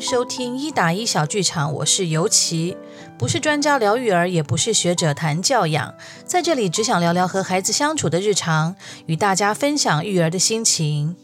收聽一打一小劇場，我是尤其，不是專家聊育兒，也不是學者談教養，在這裡只想聊聊和孩子相處的日常，與大家分享育兒的心情。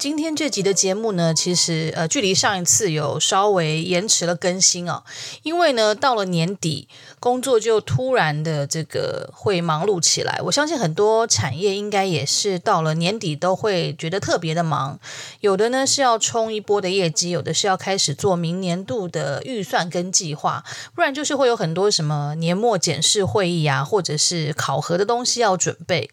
今天這集的節目呢，其實呃，距離上一次有稍微延遲了更新啊。因為呢，到了年底工作就突然的這個會忙碌起來。我相信很多產業應該也是到了年底都會覺得特別的忙，有的呢是要衝一波的業績，有的是要開始做明年度的預算跟計劃，不然就是會有很多什麼年末檢視會議啊，或者是考核的東西要準備。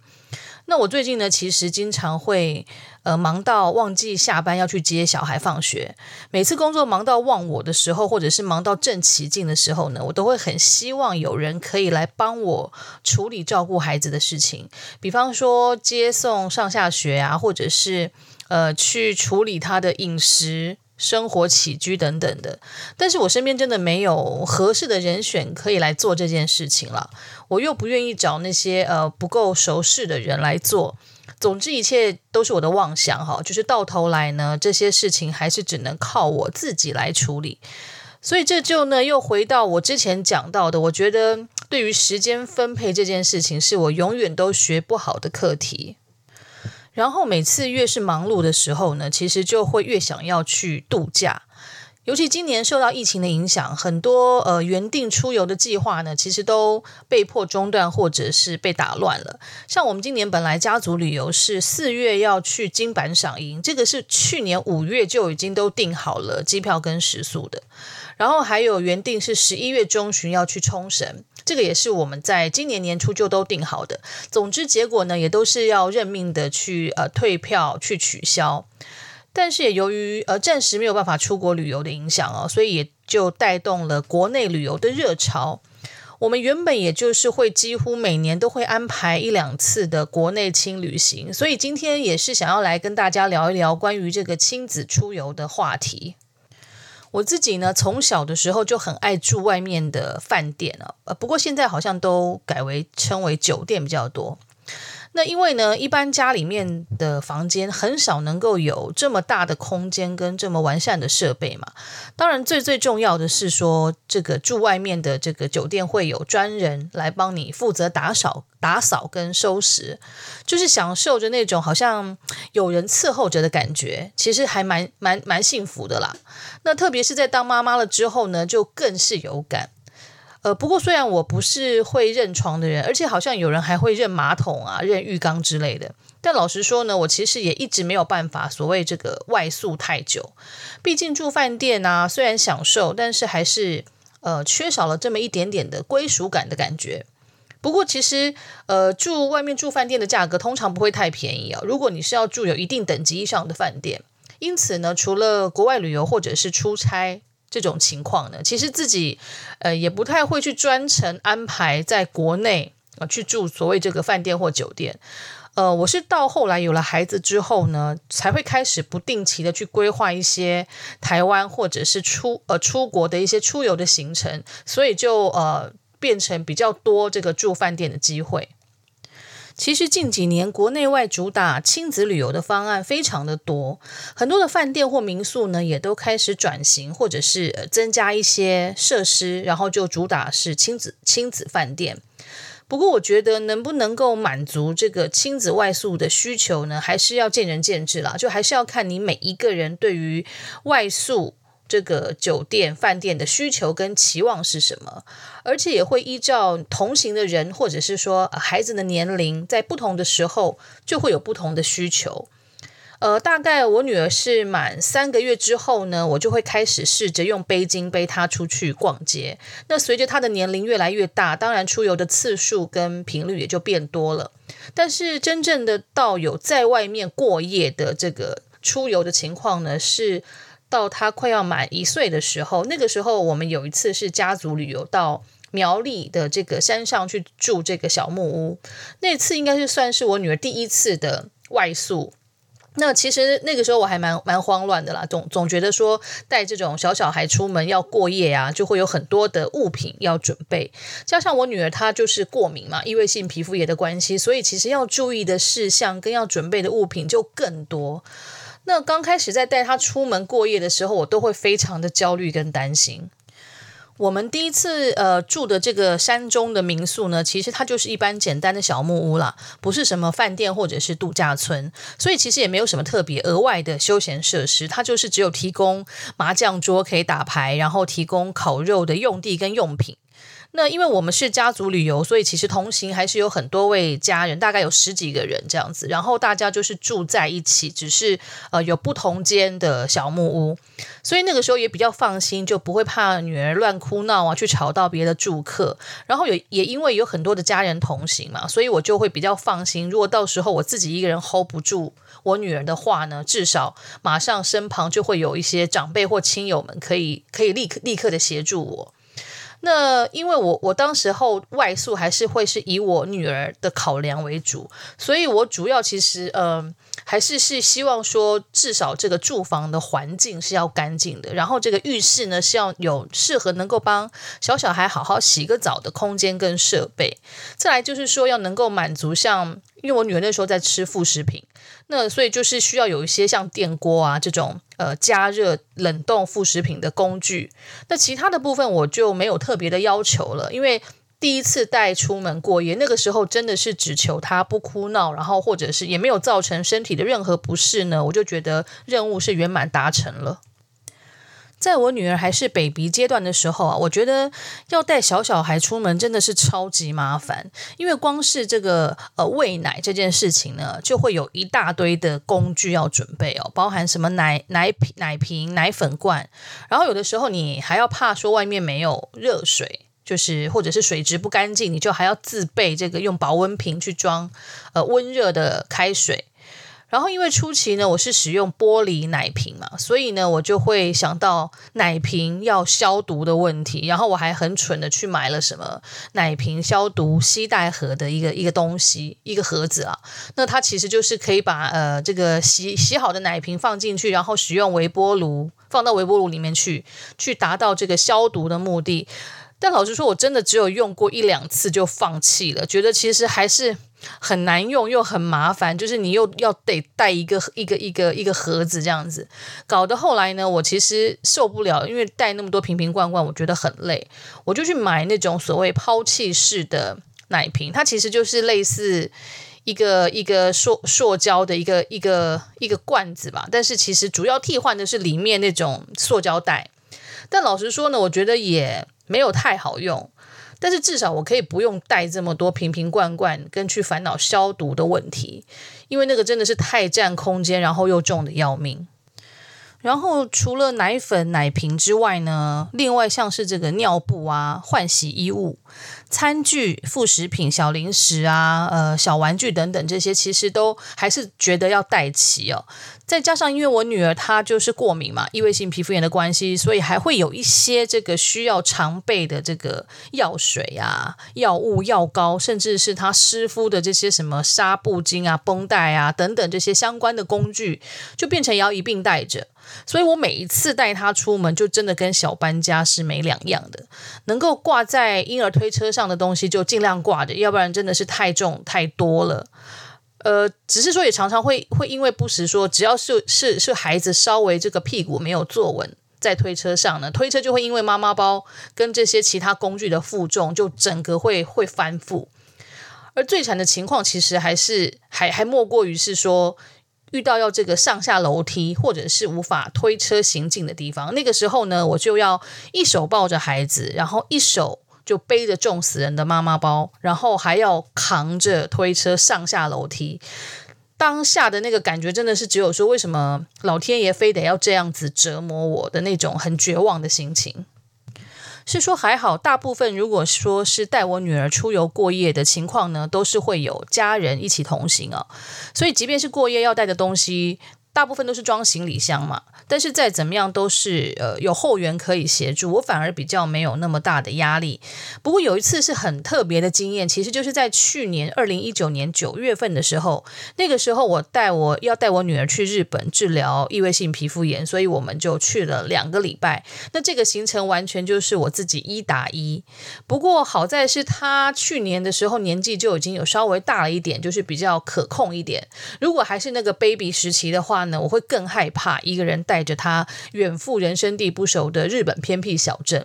那我最近呢，其實經常會呃忙到忘記下班要去接小孩放學。每次工作忙到忘我的時候，或者是忙到正起勁的時候呢，我都會很希望有人可以來幫我處理照顧孩子的事情，比方說接送上下學啊，或者是呃去處理他的飲食。生活起居等等的，但是我身邊真的沒有合適的人選可以來做這件事情了。我又不願意找那些呃不夠熟識的人來做。總之，一切都是我的妄想哈，就是到頭來呢，這些事情還是只能靠我自己來處理。所以這就呢，又回到我之前講到的，我覺得對於時間分配這件事情，是我永遠都學不好的課題。然後每次越是忙碌的時候呢，其實就會越想要去度假。尤其今年受到疫情的影響，很多呃原定出遊的計劃呢，其實都被迫中斷或者是被打亂了。像我們今年本來家族旅遊是四月要去金板賞櫻，這個是去年五月就已經都訂好了機票跟食宿的。然後還有原定是十一月中旬要去沖繩，這個也是我們在今年年初就都訂好的。總之，結果呢也都是要認命的去呃退票去取消。但是也由於呃暫時沒有辦法出國旅遊的影響哦，所以也就帶動了國內旅遊的熱潮。我們原本也就是會幾乎每年都會安排一兩次的國內輕旅行，所以今天也是想要來跟大家聊一聊關於這個親子出遊的話題。我自己呢，從小的時候就很愛住外面的飯店啊，呃，不過現在好像都改為稱為酒店比較多。那因為呢，一般家裡面的房間很少能夠有這麼大的空間跟這麼完善的設備嘛。當然，最最重要的是說，這個住外面的這個酒店會有專人來幫你負責打掃、打掃跟收拾，就是享受着那種好像有人伺候着的感覺，其實還蠻蠻蠻幸福的啦。那特別是在當媽媽了之後呢，就更是有感。呃，不過雖然我不是會認床的人，而且好像有人還會認馬桶啊、認浴缸之類的。但老實說呢，我其實也一直沒有辦法所謂這個外宿太久。畢竟住飯店啊，雖然享受，但是還是呃缺少了這麼一點點的歸屬感的感覺。不過其實呃，住外面住飯店的價格通常不會太便宜啊。如果你是要住有一定等級以上的飯店，因此呢，除了國外旅遊或者是出差，這種情況呢，其實自己呃也不太會去專程安排在國內啊，呃，去住所謂這個飯店或酒店。呃，我是到後來有了孩子之後呢，才會開始不定期的去規劃一些台灣或者是出呃出國的一些出遊的行程，所以就呃變成比較多這個住飯店的機會。其實近幾年，國內外主打親子旅遊的方案非常的多，很多的飯店或民宿呢，也都開始轉型，或者是增加一些設施，然後就主打是親子親子飯店。不過，我覺得能不能夠滿足這個親子外宿的需求呢，還是要見仁見智啦。就還是要看你每一個人對於外宿。這個酒店、飯店的需求跟期望是什麼？而且也會依照同行的人，或者是說孩子的年齡，在不同的時候就會有不同的需求。呃，大概我女兒是滿三個月之後呢，我就會開始試着用背巾背她出去逛街。那隨着她的年齡越來越大，當然出遊的次數跟頻率也就變多了。但是真正的到有在外面過夜的這個出遊的情況呢，是。到他快要滿一歲的時候，那個時候我們有一次是家族旅遊到苗栗的這個山上去住這個小木屋，那次應該是算是我女兒第一次的外宿。那其實那個時候我還蠻蠻慌亂的啦，總總覺得說帶這種小小孩出門要過夜啊，就會有很多的物品要準備。加上我女兒她就是過敏嘛，異位性皮膚炎的關係，所以其實要注意的事項跟要準備的物品就更多。那剛開始在帶他出門過夜的時候，我都會非常的焦慮跟擔心。我們第一次呃住的這個山中的民宿呢，其實它就是一般簡單的小木屋啦，不是什麼飯店或者是度假村，所以其實也沒有什麼特別額外的休閒設施，它就是只有提供麻將桌可以打牌，然後提供烤肉的用地跟用品。那因為我們是家族旅遊，所以其實同行還是有很多位家人，大概有十幾個人這樣子。然後大家就是住在一起，只是呃有不同間的小木屋，所以那個時候也比較放心，就不會怕女兒亂哭鬧啊，去吵到別的住客。然後有也因為有很多的家人同行嘛，所以我就會比較放心。如果到時候我自己一個人 hold 不住我女兒的話呢，至少馬上身旁就會有一些長輩或親友們可以可以立刻立刻的協助我。那因為我我當時候外宿還是會是以我女兒的考量為主，所以我主要其實呃還是是希望說至少這個住房的環境是要乾淨的，然後這個浴室呢是要有適合能夠幫小小孩好好洗個澡的空間跟設備，再來就是說要能夠滿足像因為我女兒那時候在吃副食品。那所以就是需要有一些像電鍋啊這種呃加熱、冷凍副食品的工具。那其他的部分我就沒有特別的要求了，因為第一次帶出門過夜，那個時候真的是只求他不哭鬧，然後或者是也沒有造成身體的任何不適呢，我就覺得任務是圓滿達成了。在我女兒還是 baby 階段的時候啊，我覺得要帶小小孩出門真的是超級麻煩，因為光是這個呃餵奶這件事情呢，就會有一大堆的工具要準備哦，包含什麼奶奶瓶、奶瓶、奶粉罐，然後有的時候你還要怕說外面沒有熱水，就是或者是水質不乾淨，你就還要自備這個用保溫瓶去裝呃溫熱的開水。然後因為初期呢，我是使用玻璃奶瓶嘛，所以呢，我就會想到奶瓶要消毒的問題。然後我還很蠢的去買了什麼奶瓶消毒吸袋盒的一個一個東西，一個盒子啊。那它其實就是可以把呃這個洗洗好的奶瓶放進去，然後使用微波爐放到微波爐裡面去，去達到這個消毒的目的。但老實說，我真的只有用過一兩次就放棄了，覺得其實還是。很難用又很麻煩，就是你又要得帶一個一個一個一個盒子這樣子，搞得後來呢，我其實受不了，因為帶那麼多瓶瓶罐罐，我覺得很累，我就去買那種所謂拋棄式的奶瓶，它其實就是類似一個一個塑塑膠的一個一個一個罐子吧，但是其實主要替換的是裡面那種塑膠袋，但老實說呢，我覺得也沒有太好用。但是至少我可以不用帶這麼多瓶瓶罐罐，跟去煩惱消毒的問題，因為那個真的是太佔空間，然後又重得要命。然後除了奶粉、奶瓶之外呢，另外像是這個尿布啊、換洗衣物、餐具、副食品、小零食啊、呃小玩具等等這些，其實都還是覺得要帶齊哦。再加上因為我女兒她就是過敏嘛，異位性皮膚炎的關係，所以還會有一些這個需要常備的這個藥水啊、藥物、藥膏，甚至是她濕敷的這些什麼紗布巾啊、繃帶啊等等這些相關的工具，就變成要一併帶着。所以我每一次帶他出門，就真的跟小搬家是沒兩樣的。能夠掛在嬰兒推車上的東西，就儘量掛着，要不然真的是太重太多了。呃，只是說也常常會會因為不時說，只要是是是孩子稍微這個屁股沒有坐穩在推車上呢，推車就會因為媽媽包跟這些其他工具的負重，就整個會會翻覆。而最慘的情況，其實還是還還莫過於是說。遇到要這個上下樓梯或者是無法推車行進的地方，那個時候呢，我就要一手抱着孩子，然後一手就背着重死人的媽媽包，然後還要扛着推車上下樓梯。當下的那個感覺，真的是只有說，為什麼老天爺非得要這樣子折磨我的那種很絕望的心情。是說還好，大部分如果說是帶我女兒出遊過夜的情況呢，都是會有家人一起同行啊、哦，所以即便是過夜要帶的東西。大部分都是裝行李箱嘛，但是再怎麼樣都是呃有後援可以協助，我反而比較沒有那麼大的壓力。不過有一次是很特別的經驗，其實就是在去年二零一九年九月份的時候，那個時候我帶我要帶我女兒去日本治療異位性皮膚炎，所以我們就去了兩個禮拜。那這個行程完全就是我自己一打一。不過好在是她去年的時候年紀就已經有稍微大了一點，就是比較可控一點。如果還是那個 baby 時期的話，我會更害怕一個人帶着他遠赴人生地不熟的日本偏僻小鎮。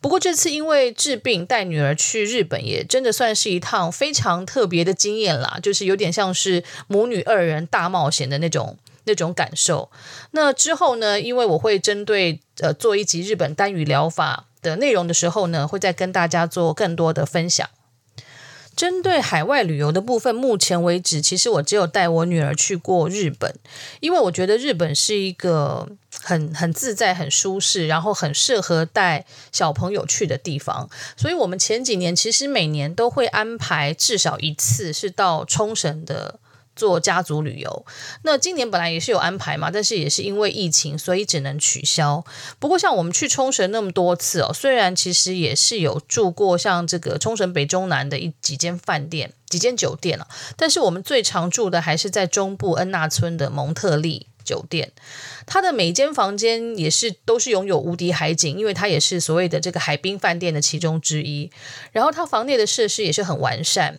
不過這次因為治病帶女兒去日本，也真的算是一趟非常特別的經驗啦，就是有點像是母女二人大冒險的那種那種感受。那之後呢，因為我會針對呃做一集日本單語療法的內容的時候呢，會再跟大家做更多的分享。針對海外旅遊的部分，目前為止，其實我只有帶我女兒去過日本，因為我覺得日本是一個很很自在、很舒適，然後很適合帶小朋友去的地方。所以，我們前幾年其實每年都會安排至少一次是到沖繩的。做家族旅遊，那今年本來也是有安排嘛，但是也是因為疫情，所以只能取消。不過像我們去沖繩那麼多次哦，雖然其實也是有住過像這個沖繩北中南的一幾間飯店、幾間酒店啊、哦，但是我們最常住的還是在中部恩納村的蒙特利酒店。它的每間房間也是都是擁有無敵海景，因為它也是所謂的這個海濱飯店的其中之一。然後它房內的設施也是很完善，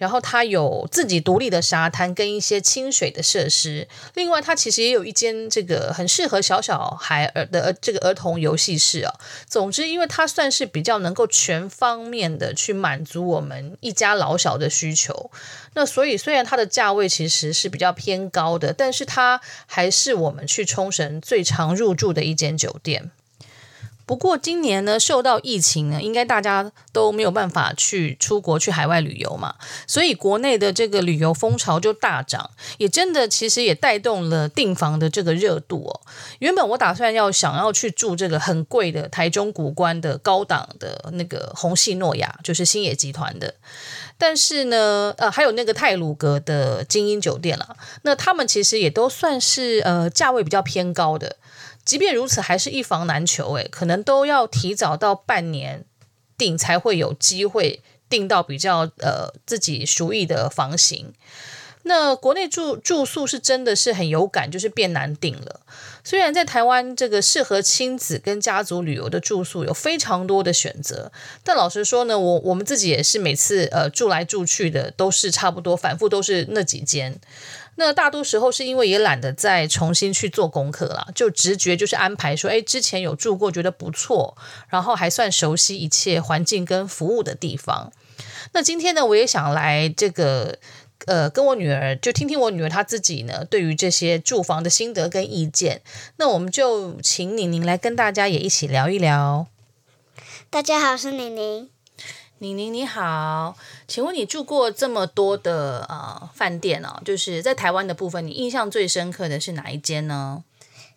然後它有自己獨立的沙灘跟一些清水的設施，另外它其實也有一間這個很適合小小孩兒的這個兒童遊戲室哦。總之，因為它算是比較能夠全方面的去滿足我們一家老小的需求，那所以雖然它的價位其實是比較偏高的，但是它還是我們去沖繩最常入住的一間酒店。不過今年呢，受到疫情呢，應該大家都沒有辦法去出國去海外旅遊嘛，所以國內的這個旅遊風潮就大漲，也真的其實也帶動了訂房的這個熱度哦。原本我打算要想要去住這個很貴的台中谷關的高檔的那個虹夕諾雅，就是星野集團的，但是呢，呃，還有那個太魯閣的晶英酒店了，啊，那他們其實也都算是呃價位比較偏高的。即便如此，還是一房難求誒，可能都要提早到半年訂，才會有機會訂到比較呃自己熟悉的房型。那國內住住宿是真的是很有感，就是變難訂了。雖然在台灣這個適合親子跟家族旅遊的住宿有非常多的選擇，但老實說呢，我我們自己也是每次呃住來住去的都是差不多，反覆都是那幾間。那大多時候是因為也懶得再重新去做功課了，就直覺就是安排說，哎，之前有住過，覺得不錯，然後還算熟悉一切環境跟服務的地方。那今天呢，我也想來這個，呃，跟我女兒就聽聽我女兒她自己呢，對於這些住房的心得跟意見。那我們就請甯甯來跟大家也一起聊一聊。大家好，我是甯甯。甯甯你好，請問你住過這麼多的呃飯店哦，就是在台灣的部分，你印象最深刻的是哪一間呢？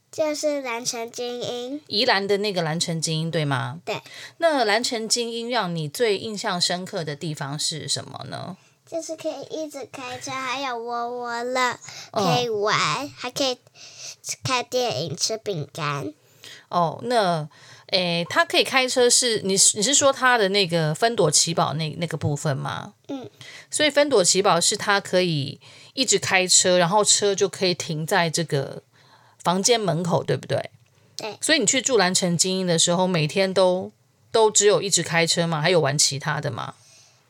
就是蘭城晶英，宜蘭的那個蘭城晶英，對嗎？對。那蘭城晶英讓你最印象深刻的地方是什麼呢？就是可以一直開車，還有窩窩樂、哦、可以玩，還可以看電影、吃餅乾。哦，那。誒、欸，他可以開車是？你是你是說他的那個芬朵奇堡那那個部分嗎？嗯，所以芬朵奇堡是他可以一直開車，然後車就可以停在這個房間門口，對不對？欸、所以你去住蘭城晶英的時候，每天都都只有一直開車嘛？還有玩其他的嗎？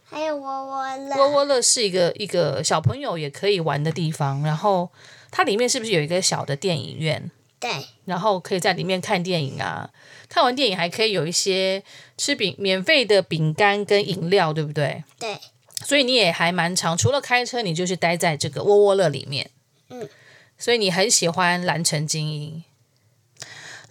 還有窩窩樂，窩窩樂是一個一個小朋友也可以玩的地方。然後它裡面是不是有一個小的電影院？對，然後可以在裡面看電影啊，看完電影還可以有一些吃餅、免費的餅乾跟飲料，對不對？對，所以你也還蠻常，除了開車，你就是待在這個窩窩樂裡面。嗯，所以你很喜歡《蘭城晶英》。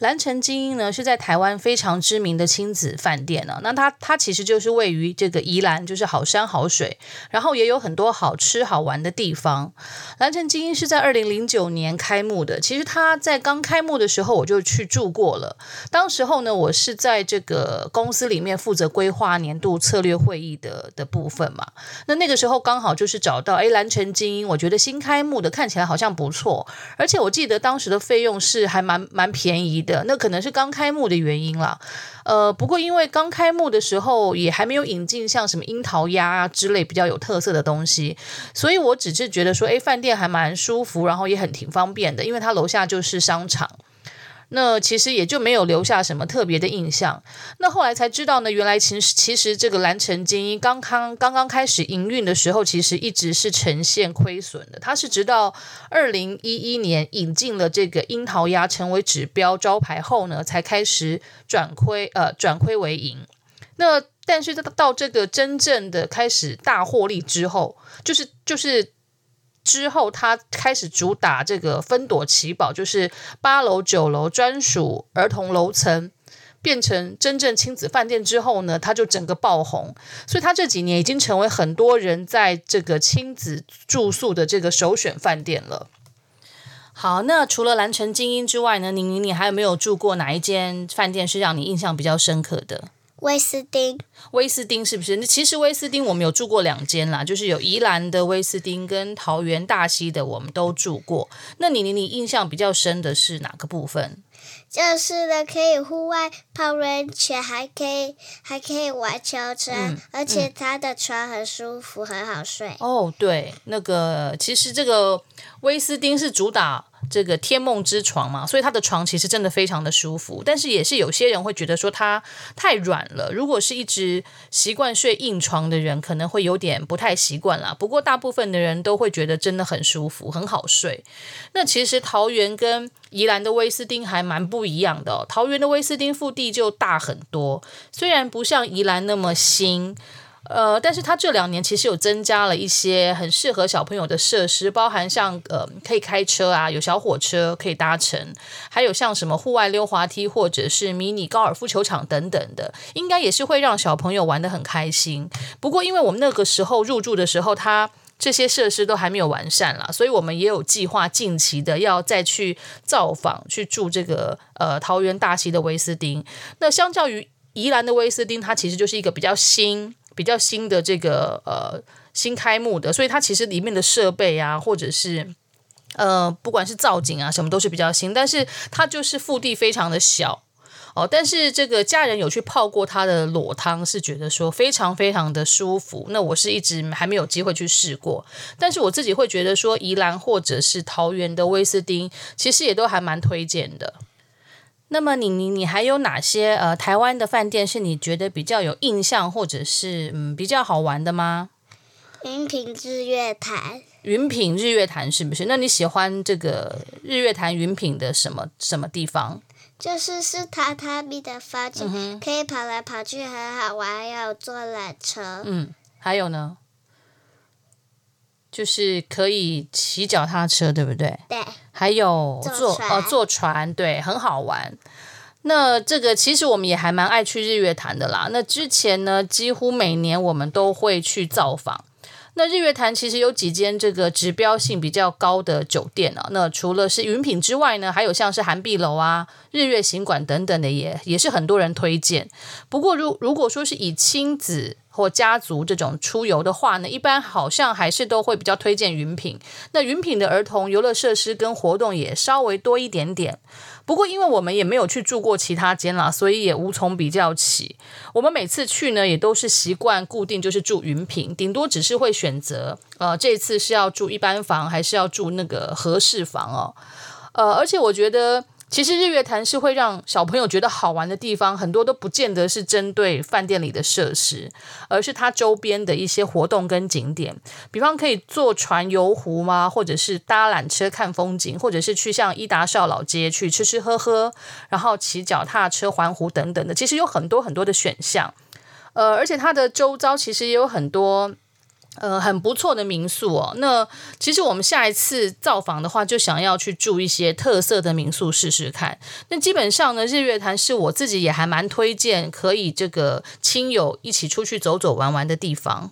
蘭城晶英呢，是在台灣非常知名的親子飯店啊。那它它其實就是位於這個宜蘭，就是好山好水，然後也有很多好吃好玩的地方。蘭城晶英是在二零零九年開幕的。其實它在剛開幕的時候，我就去住過了。當時候呢，我是在這個公司裡面負責規劃年度策略會議的的部分嘛。那那個時候剛好就是找到誒，蘭城晶英，我覺得新開幕的看起來好像不錯，而且我記得當時的費用是還蠻蠻便宜的。那可能是剛開幕的原因啦，呃，不過因為剛開幕的時候也還沒有引進像什麼櫻桃鴨啊之類比較有特色的東西，所以我只是覺得說，哎，飯店還蠻舒服，然後也很挺方便的，因為他樓下就是商場。那其實也就沒有留下什麼特別的印象。那後來才知道呢，原來其實其實這個蘭城晶英剛剛剛剛開始營運的時候，其實一直是呈現虧損的。它是直到二零一一年引進了這個櫻桃鴨成為指標招牌後呢，才開始轉虧呃轉虧為盈。那但是到這個真正的開始大獲利之後，就是就是。之後，他開始主打這個分朵奇寶，就是八樓九樓專屬兒童樓層，變成真正親子飯店之後呢，他就整個爆紅。所以，他這幾年已經成為很多人在這個親子住宿的這個首選飯店了。好，那除了蘭城晶英之外呢，甯甯你，你還有沒有住過哪一間飯店是讓你印象比較深刻的？威斯汀，威斯汀是不是？那其實威斯汀我們有住過兩間啦，就是有宜蘭的威斯汀跟桃園大溪的，我們都住過。那你你你印象比較深的是哪個部分？就是呢，可以戶外泡溫泉，還可以還可以玩秋千，嗯，而且他的床很舒服，嗯，很好睡。哦，oh，對，那個其實這個威斯汀是主打。這個天夢之床嘛，所以它的床其實真的非常的舒服，但是也是有些人會覺得說它太軟了。如果是一直習慣睡硬床的人，可能會有點不太習慣啦。不過大部分的人都會覺得真的很舒服，很好睡。那其實桃園跟宜蘭的威斯汀還蠻不一樣的哦，桃園的威斯汀腹地就大很多，雖然不像宜蘭那麼新。呃，但是他這兩年其實有增加了一些很適合小朋友的設施，包含像呃可以開車啊，有小火車可以搭乘，還有像什麼戶外溜滑梯或者是迷你高爾夫球場等等的，應該也是會讓小朋友玩得很開心。不過，因為我們那個時候入住的時候，它這些設施都還沒有完善啦，所以我們也有計劃近期的要再去造訪去住這個呃桃園大溪的威斯汀。那相較於宜蘭的威斯汀，它其實就是一個比較新。比較新的這個呃新開幕的，所以它其實裡面的設備啊，或者是呃不管是造景啊什麼，都是比較新。但是它就是腹地非常的小哦。但是這個家人有去泡過它的裸湯，是覺得說非常非常的舒服。那我是一直還沒有機會去試過，但是我自己會覺得說宜蘭或者是桃園的威斯汀，其實也都還蠻推薦的。那麼你你你還有哪些，呃台灣的飯店是你覺得比較有印象或者是嗯比較好玩的嗎？雲品日月潭。雲品日月潭是不是？那你喜歡這個日月潭雲品的什麼什麼地方？就是是榻榻米的房間，嗯，可以跑來跑去很好玩，還有坐纜車。嗯，還有呢？就是可以騎腳踏車，對不對？對，還有坐、坐呃坐船，對，很好玩。那這個其實我們也還蠻愛去日月潭的啦。那之前呢，幾乎每年我們都會去造訪。那日月潭其實有幾間這個指標性比較高的酒店啊。那除了是雲品之外呢，還有像是涵碧樓啊、日月行館等等的也，也也是很多人推薦。不過如如果說是以親子，或家族這種出遊的話呢，一般好像還是都會比較推薦雲品。那雲品的兒童遊樂設施跟活動也稍微多一點點。不過，因為我們也沒有去住過其他間啦，所以也無從比較起。我們每次去呢，也都是習慣固定就是住雲品，頂多只是會選擇呃，這次是要住一般房還是要住那個合適房哦。呃，而且我覺得。其實日月潭是會讓小朋友覺得好玩的地方，很多都不見得是針對飯店裡的設施，而是它周邊的一些活動跟景點。比方可以坐船遊湖嘛，或者是搭纜車看風景，或者是去像伊達邵老街去吃吃喝喝，然後騎腳踏車環湖等等的。其實有很多很多的選項，呃，而且它的周遭其實也有很多。呃，很不錯的民宿哦。那其實我們下一次造訪的話，就想要去住一些特色的民宿試試看。那基本上呢，日月潭是我自己也還蠻推薦，可以這個親友一起出去走走玩玩的地方。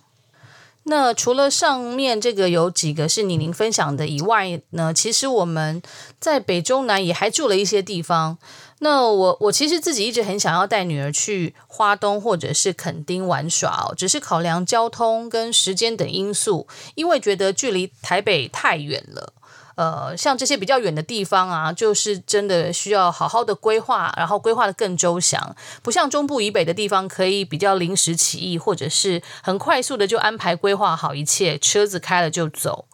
那除了上面這個有幾個是甯甯分享的以外呢，其實我們在北中南也還住了一些地方。那我我其實自己一直很想要帶女兒去花東或者是墾丁玩耍，哦，只是考量交通跟時間等因素，因為覺得距離台北太遠了。呃，像這些比較遠的地方啊，就是真的需要好好的規劃，然後規劃得更周詳。不像中部以北的地方，可以比較臨時起意，或者是很快速的就安排規劃好一切，車子開了就走。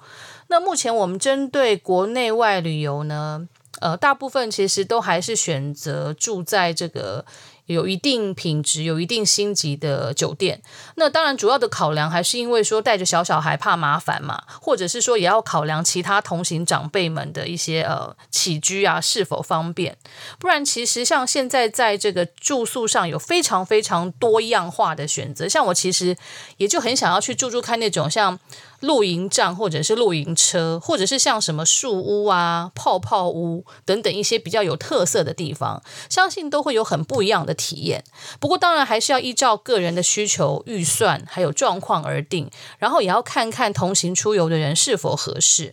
那目前我們針對國內外旅遊呢，呃，大部分其實都還是選擇住在這個有一定品質、有一定星級的酒店。那當然，主要的考量還是因為說帶着小小孩怕麻煩嘛，或者是說也要考量其他同行長輩們的一些呃起居啊是否方便。不然，其實像現在在這個住宿上有非常非常多樣化的選擇。像我其實也就很想要去住住看那種像。露營帳，或者是露營車，或者是像什麼樹屋啊、泡泡屋等等一些比較有特色的地方，相信都會有很不一樣的體驗。不過，當然還是要依照個人的需求、預算還有狀況而定，然後也要看看同行出遊的人是否合適。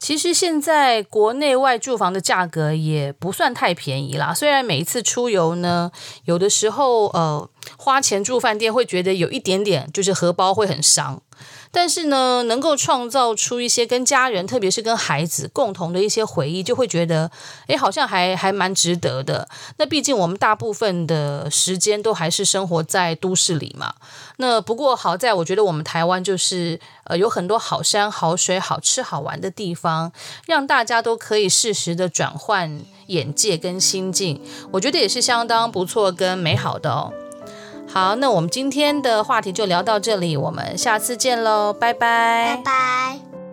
其實現在國內外住房的價格也不算太便宜啦，雖然每一次出遊呢，有的時候呃。花錢住飯店會覺得有一點點，就是荷包會很傷。但是呢，能夠創造出一些跟家人，特別是跟孩子共同的一些回憶，就會覺得，哎，好像還還蠻值得的。那畢竟我們大部分的時間都還是生活在都市裡嘛。那不過好在，我覺得我們台灣就是，呃，有很多好山好水、好吃好玩的地方，讓大家都可以適時的轉換眼界跟心境。我覺得也是相當不錯跟美好的哦。好，那我們今天的話題就聊到這裡，我們下次見嘍，拜拜，拜拜。